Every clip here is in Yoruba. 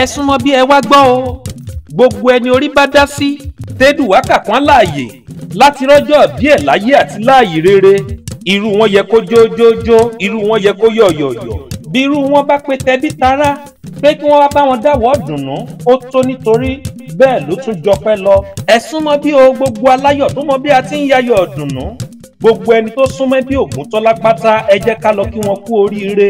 ẹ súnmọ́ bí ẹ wá gbọ́ o gbogbo ẹni orí bá dá sí tẹ́dùwá kàkán láàyè láti rọ́jọ́ bí ẹ̀ láyé àti láàyè rere irú wọn yẹ kó jójójó irú wọn yẹ kó yọ̀yọ̀yọ̀ bí irú wọn bá pe tẹbí tará pé kí wọ́n wá bá wọn dáwọ́ dùnú ó tó nítorí bẹ́ẹ̀ ló tún jọpẹ́ lọ ẹ súnmọ́ bí o gbogbo aláyọ̀ tó mọ bí a ti ń yayọ̀ dùnú gbogbo ẹni tó súnmọ́ bí Ògúntọ́lá ẹ jẹ́ ká lọ kí wọ́n kú oríire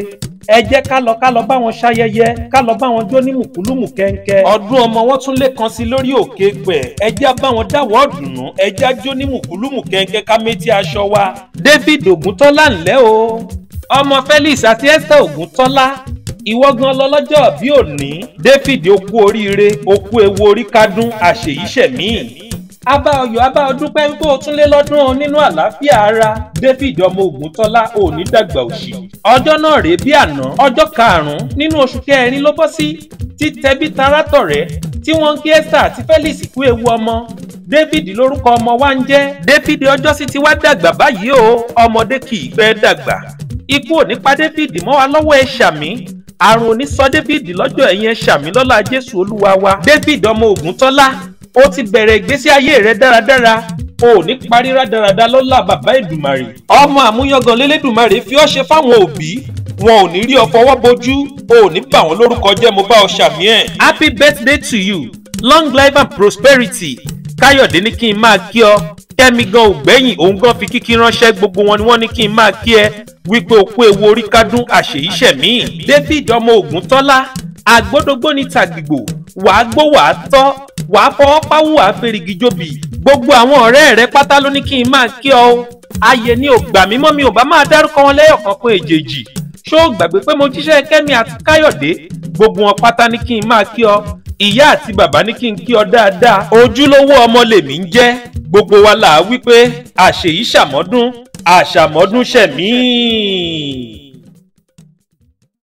ẹ jẹ́ ká lọ ká lọ bá wọn ṣayẹyẹ ká lọ bá wọn jó ní mùkúlùmù kẹ́ńkẹ́. ọdún ọmọ wọn tún lè kan sí lórí òkè pẹ̀ ẹ jẹ́ bá wọn dáwọ́ ọ̀dùnnú ẹ jẹ́ jó ní mùkúlùmù kẹ́ńkẹ́ ká méjì aṣọ wa. David Ògúntọ́lá ńlẹ́ o ọmọ Felix àti Esther Ògúntọ́lá ìwọ gan lọ́lọ́jọ́ bí òní David okú oríire okú ewu orí kádún àṣèyíṣẹ̀mí abá ọyọ̀ abá ọdún pẹ́ tó tún lé lọ́dún nínú àlàáfíà ara david ọmọ ògùntọ́lá òní dàgbà òṣì ọjọ́ náà rèé bí àná ọjọ́ karùn-ún nínú oṣù kẹrin ló bọ́ sí ti tẹbí tará tọ̀rẹ́ tí wọ́n ń kí esther àti felix kú ewu ọmọ david lórúkọ ọmọ wa ń jẹ́ david ọjọ́ sì ti wá dàgbà báyìí o ọmọdé kì í pẹ́ dàgbà ikú ò ní pa david mọ́ wa lọ́wọ́ ẹ̀ ṣàmì àrùn ò ní sọ david lọ́jọ́ ẹ̀yìn ẹ̀ ṣàmì lọ́la jésù olúwa wa david ọmọ ògùntọ́lá o ti bẹ̀rẹ̀ ìgbésí ayé rẹ dáradára o ní parí rádaràda lọ́lá bàbá Èdùmàrè ọmọ àmúyangàn lélẹ́dùmarè fi ọ́ ṣe fáwọn òbí wọn ò ní rí ọ fọwọ́ bojú o ní bà wọ́n lórúkọ jẹ́ mo bá ọ ṣàmì ẹ̀. happy birthday to you long life and prosperity káyọ̀dé ní kí n máa kí ọ kẹ́mi gan ò gbẹ́yìn òun gan fi kíkí ránṣẹ́ gbogbo wọn ni wọ́n ní kí n máa kí ẹ wípé òkú ewu orí kádùn àṣèyíṣẹ́ míì david ọmọ ògùntọ́lá àgbódógbó ní tàgbìgbò wàá gbó wàá tọ́ wà á fọwọ́ páwó wà á fèrègì jòbì gbogbo àwọn ọ̀rẹ́ rẹ pátá ló ní kí n máa kí ọ ayé ni ò gbà mí mọ́ mi ò bá máa dárúkọ wọn lẹ́yọ̀kan pé èjèèjì ṣó o gbàgbé pé mo jíṣẹ́ kẹ́mi àti káyọ̀dé gbogbo wọn pátá ní kí n máa kí ọ ìyá àti bàbá ní kí n kí ọ dáadáa ojúlówó ọmọ lèmi ń jẹ́ gbogbo wa là á wí pé àṣèyí ṣàmọ́dún àṣàmọ́dún ṣẹ̀mí.